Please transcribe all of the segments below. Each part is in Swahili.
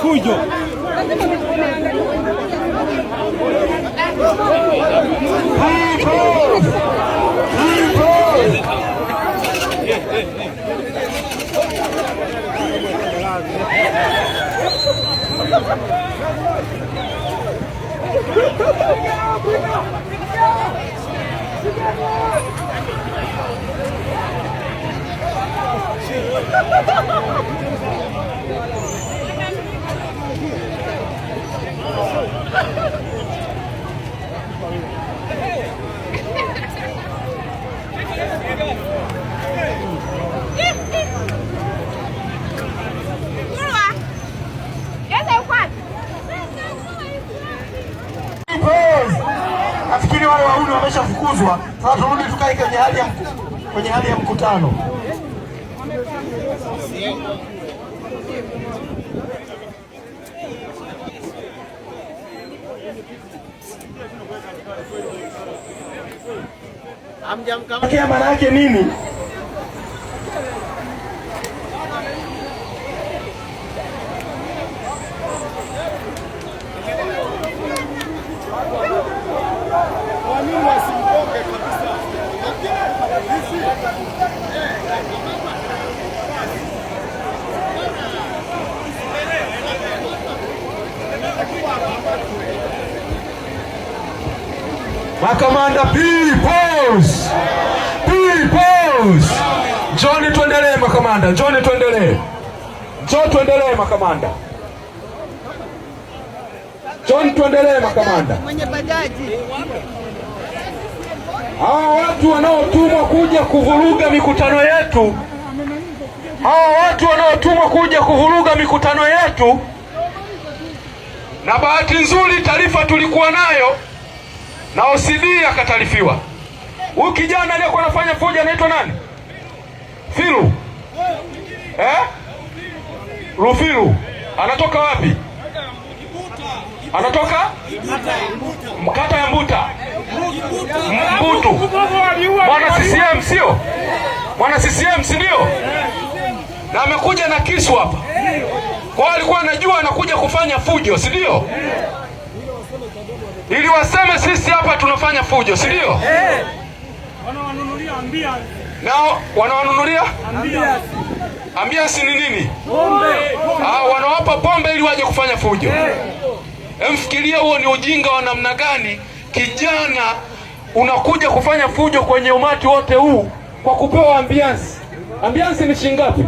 tuyo. ¡Vamos! Obrigado! obrigado! Obrigado! nafikiri wale wahuni wameshafukuzwa. Sasa turudi tukae kwenye hali ya kwenye hali ya mkutano. Maana yake nini? Makamanda peoples, peoples, njoni tuendelee makamanda, njoni tuendelee, njoo tuendelee makamanda, njoni tuendelee makamanda. Mwenye bajaji, Hawa watu wanaotumwa kuja kuvuruga mikutano yetu, hawa watu wanaotumwa kuja kuvuruga mikutano yetu, na bahati nzuri taarifa tulikuwa nayo na OCD akataarifiwa. Huyu kijana aliyekuwa anafanya fujo anaitwa nani? Firu eh? Rufiru anatoka wapi? Anatoka mkata ya Mbuta, Mbutu. Mwana CCM sio? Mwana CCM si ndio? Na amekuja na kisu hapa, kwa alikuwa anajua anakuja kufanya fujo, si ndio? ili waseme sisi hapa tunafanya fujo, si ndio? Eh. Nao wanawanunulia ambiansi ni nini? Ah, wanawapa pombe ili waje kufanya fujo. emfikiria eh, huo ni ujinga wa namna gani? Kijana unakuja kufanya fujo kwenye umati wote huu kwa kupewa ambiansi. Ambiansi ni shilingi ngapi?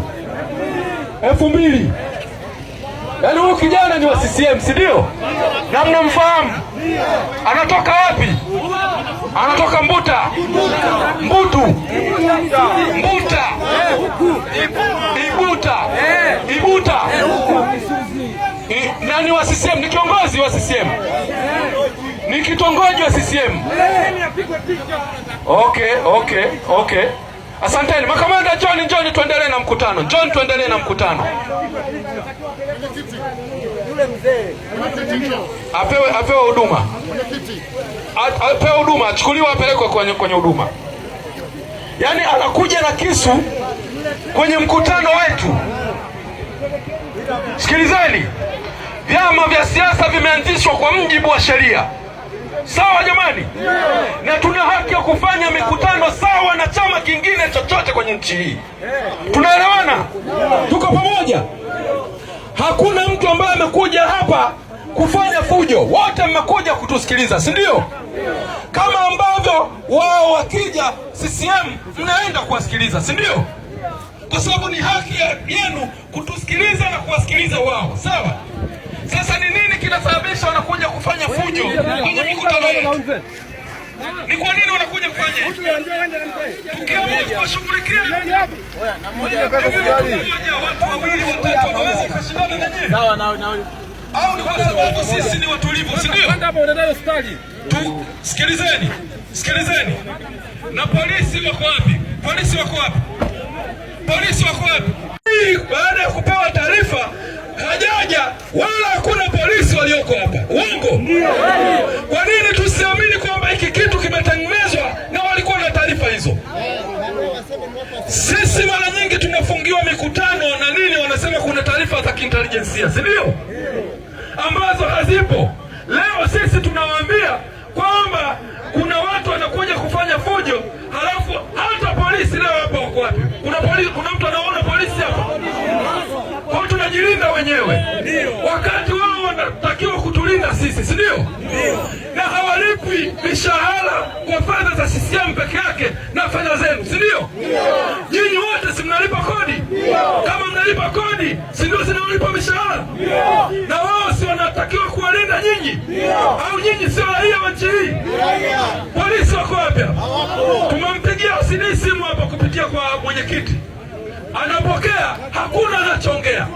elfu mbili. Yaani huyu kijana ni wa CCM si ndio? Na mnamfahamu anatoka wapi? Anatoka Mbuta, Mbutu, Mbuta, Ibuta, Ibuta na ni wa CCM, ni kiongozi wa CCM, ni kitongoji wa CCM. Okay, okay, okay. Asanteni makamanda, njoni njoni, tuendelee na mkutano, njoni tuendelee na mkutano. Apewe apewe huduma, apewe huduma, achukuliwe, apelekwe kwenye kwenye huduma. Yaani anakuja na kisu kwenye mkutano wetu. Sikilizeni, vyama vya siasa vimeanzishwa kwa mujibu wa sheria sawa jamani, na tuna haki ya kufanya mikutano sawa na chama kingine chochote kwenye nchi hii. Tunaelewana? Tuko pamoja? Hakuna mtu ambaye amekuja hapa kufanya fujo, wote mmekuja kutusikiliza, si ndio? Kama ambavyo wao wakija CCM mnaenda kuwasikiliza, si ndio? Kwa sababu ni haki yenu kutusikiliza na kuwasikiliza wao, sawa? fujo kwenye mikutano yetu. Ni kwa nini wanakuja kufanya hivi? au ni kwa sababu sisi ni watulivu, si ndio? Sikilizeni, sikilizeni. Na polisi wako wapi? Polisi wako wapi? Polisi wako wapi? Baada ya kupewa taarifa hajaja wala kwa nini tusiamini kwamba hiki kitu kimetengenezwa na walikuwa na taarifa hizo? Sisi mara nyingi tunafungiwa mikutano na nini, wanasema kuna taarifa za kiintelijensia, si ndio? Ambazo hazipo. Leo sisi tunawaambia kwamba kuna watu wanakuja kufanya fujo, halafu hata polisi leo hapa wako wapi? Kuna polisi, kuna mtu anaona polisi hapa? Kwa tunajilinda wenyewe wakati wanatakiwa kutulinda sisi, si ndio? Na hawalipi mishahara kwa fedha za CCM peke yake na fedha zenu, si ndio? Nyinyi wote si mnalipa kodi? Kama mnalipa kodi, si ndio zinalipa mishahara? Na wao si wanatakiwa kuwalinda nyinyi? Au nyinyi si raia wa nchi hii? Polisi wako wapi Tumempigia Wasini simu hapa kupitia kwa mwenyekiti anapokea, hakuna anachongea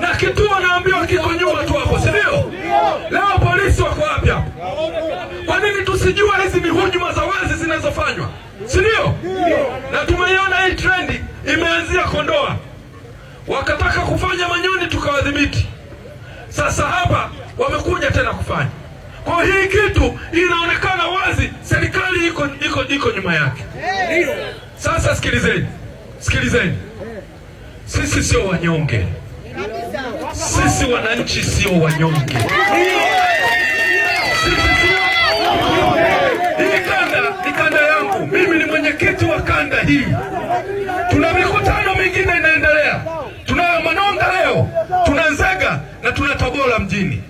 na kitu anaambiwa kiko nyuma tu hapo, si ndio? Leo polisi wako wapi hapo? Kwa nini tusijua hizi ni hujuma za wazi zinazofanywa, si ndio? Na tumeiona hii trendi imeanzia Kondoa, wakataka kufanya Manyoni tukawadhibiti, sasa hapa wamekuja tena kufanya. Kwa hii kitu inaonekana wazi serikali iko iko iko nyuma yake. Sasa sikilizeni. Sikilizeni, sisi sio wanyonge, sisi wananchi sio wanyonge. Hii kanda ni kanda yangu, mimi ni mwenyekiti wa kanda hii. Tuna mikutano mingine inaendelea, tunayo Manonga leo, tuna Nzega na tuna Tabora mjini.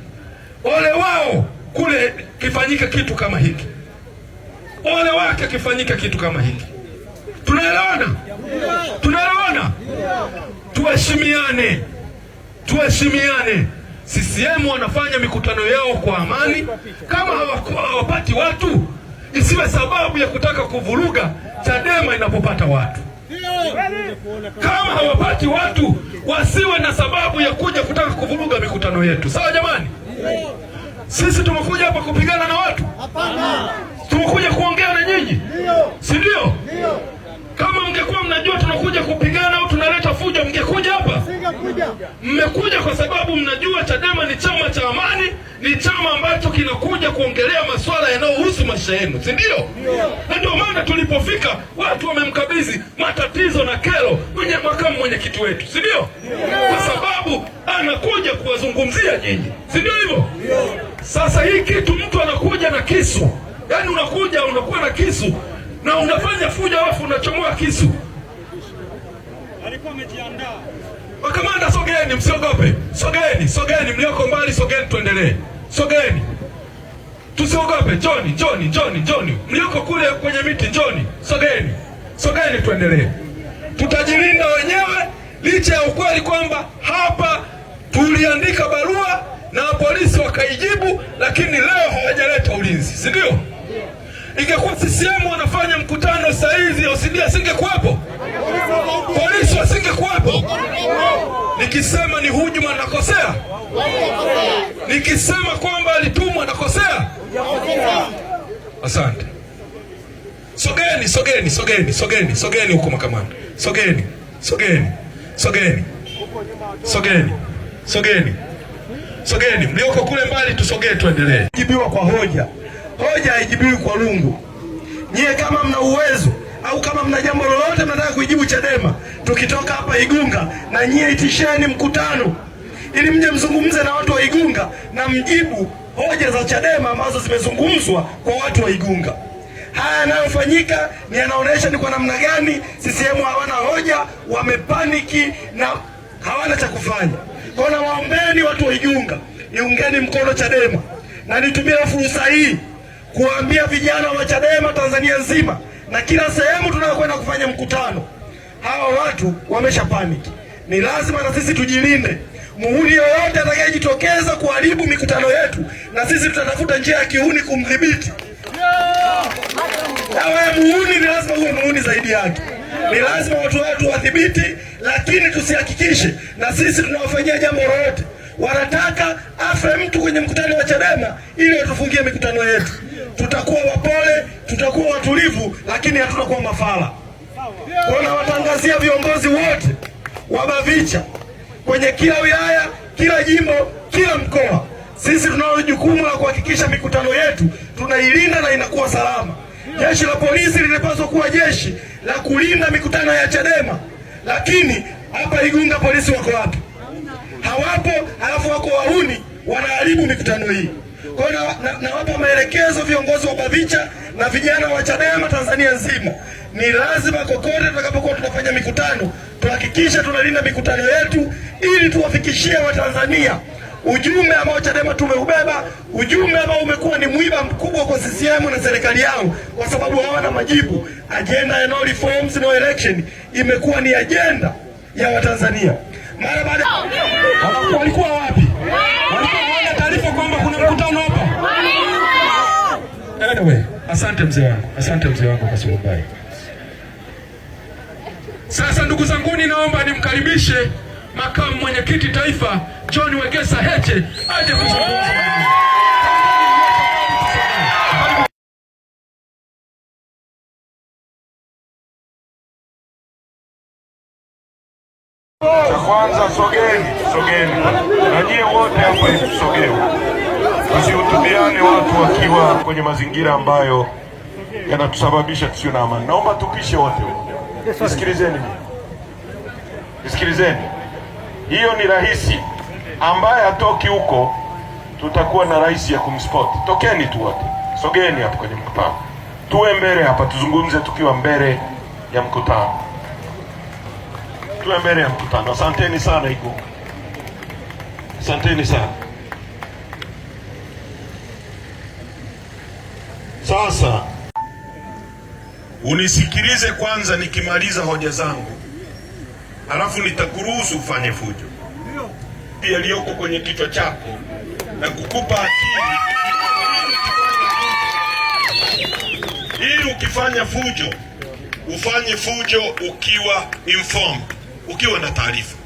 Ole wao kule kifanyike kitu kama hiki, ole wake kifanyike kitu kama hiki. Tunaelewana? Tunaelewana? Tuheshimiane, tuheshimiane. CCM wanafanya mikutano yao kwa amani. Kama hawapati watu, isiwe sababu ya kutaka kuvuruga Chadema inapopata watu. Kama hawapati watu, wasiwe na sababu ya kuja kutaka kuvuruga mikutano yetu. Sawa jamani? Sisi tumekuja hapa kupigana na watu? Hapana. Tumekuja kuongea na nyinyi, si ndio? mngejua tunakuja kupigana au tunaleta fujo, mngekuja hapa? Mmekuja kwa sababu mnajua Chadema ni chama cha amani, ni chama ambacho kinakuja kuongelea masuala yanayohusu maisha yenu, si ndio? Na ndio maana tulipofika watu wamemkabidhi matatizo na kero kwenye makamu mwenyekiti wetu, si ndio? Kwa sababu anakuja kuwazungumzia nyinyi, si ndio hivyo? Sasa hii kitu mtu anakuja na kisu, yaani unakuja unakuwa na kisu na unafanya fujo, wafu unachomoa kisu alikuwa amejiandaa. Wakamanda, sogeni, msiogope, sogeni, sogeni, mlioko mbali sogeni, tuendelee, sogeni, tusiogope. Njoni, njoni, njoni, njoni, mlioko kule kwenye miti, njoni, sogeni, sogeni, tuendelee. Tutajilinda wenyewe, licha ya ukweli kwamba hapa tuliandika barua na polisi wakaijibu, lakini leo hawajaleta ulinzi, si ndio? Ingekuwa CCM wanafanya mkutano saa hizi, OCD asingekuwepo polisi nitakuwepo. Nikisema ni hujuma nakosea? Nikisema kwamba alitumwa nakosea? Asante. Sogeni, sogeni, sogeni, sogeni, sogeni huko makamani. Sogeni, sogeni, sogeni, sogeni, sogeni, sogeni. Mlioko kule mbali, tusogee, tuendelee. Jibiwa kwa hoja, hoja haijibiwi kwa lungu. Nyie kama mna uwezo au kama mna jambo lolote mnataka kuijibu Chadema, tukitoka hapa Igunga, na nyie itisheni mkutano ili mje mzungumze na watu wa Igunga na mjibu hoja za Chadema ambazo zimezungumzwa kwa watu wa Igunga. Haya yanayofanyika ni yanaonyesha ni kwa namna gani CCM hawana hoja, wamepaniki na hawana cha kufanya. Kwa na waombeni watu wa Igunga, iungeni mkono Chadema, na nitumie fursa hii kuwaambia vijana wa Chadema Tanzania nzima na kila sehemu tunayokwenda kufanya mkutano hawa watu wamesha panic. Ni lazima na sisi tujilinde. Muhuni yoyote atakayejitokeza kuharibu mikutano yetu, na sisi tutatafuta njia ya kihuni kumdhibiti. Awe muhuni, ni lazima uwe muhuni zaidi yake. Ni lazima watu wetu wadhibiti, lakini tusihakikishe na sisi tunawafanyia jambo lolote. Wanataka afe mtu kwenye mkutano wa Chadema ili watufungie mikutano yetu. Tutakuwa wapole, tutakuwa watulivu, lakini hatutakuwa mafala kuwatangazia viongozi wote wa BAVICHA kwenye kila wilaya, kila jimbo, kila mkoa. Sisi tunalo jukumu la kuhakikisha mikutano yetu tunailinda na inakuwa salama. Jeshi la polisi linapaswa kuwa jeshi la kulinda mikutano ya Chadema, lakini hapa Igunga polisi wako wapi? Hawapo, halafu wako wahuni wanaharibu mikutano hii. Kwa hiyo nawapa na, na maelekezo viongozi wa BAVICHA na vijana wa CHADEMA Tanzania nzima, ni lazima kokote tutakapokuwa tunafanya mikutano tuhakikishe tunalinda mikutano yetu ili tuwafikishie Watanzania ujumbe ambao CHADEMA tumeubeba, ujumbe ambao umekuwa ni mwiba mkubwa kwa CCM na serikali yao, kwa sababu hawana majibu. Ajenda ya no reforms no election imekuwa ni ajenda ya Watanzania. Mara baada oh, walikuwa wapi? kwamba kuna mkutano hapa. Anyway, asante mzee wangu, asante mzee wangu kwa sababu mbaya. Sasa ndugu zangu, naomba nimkaribishe makamu mwenyekiti taifa John Wegesa Heche aje kuzungumza. kwanza sogeni, sogeni najie wote hapa hivi, sogeni, tusihutubiane watu wakiwa kwenye mazingira ambayo yanatusababisha tusio na amani. Naomba tupishe wote, nisikilizeni, nisikilizeni. Hiyo ni rahisi, ambaye hatoki huko tutakuwa na rahisi ya kumspot. Tokeni tu wote, sogeni hapo kwenye mkutano, tuwe mbele hapa, tuzungumze tukiwa mbele ya mkutano tuwe mbele ya mkutano. Asanteni sana Igunga, asanteni sana. Sasa unisikilize kwanza nikimaliza hoja zangu, alafu nitakuruhusu ufanye fujo pia liyoko kwenye kichwa chako na kukupa akili ili ukifanya fujo ufanye fujo ukiwa informed. ukiwa na taarifa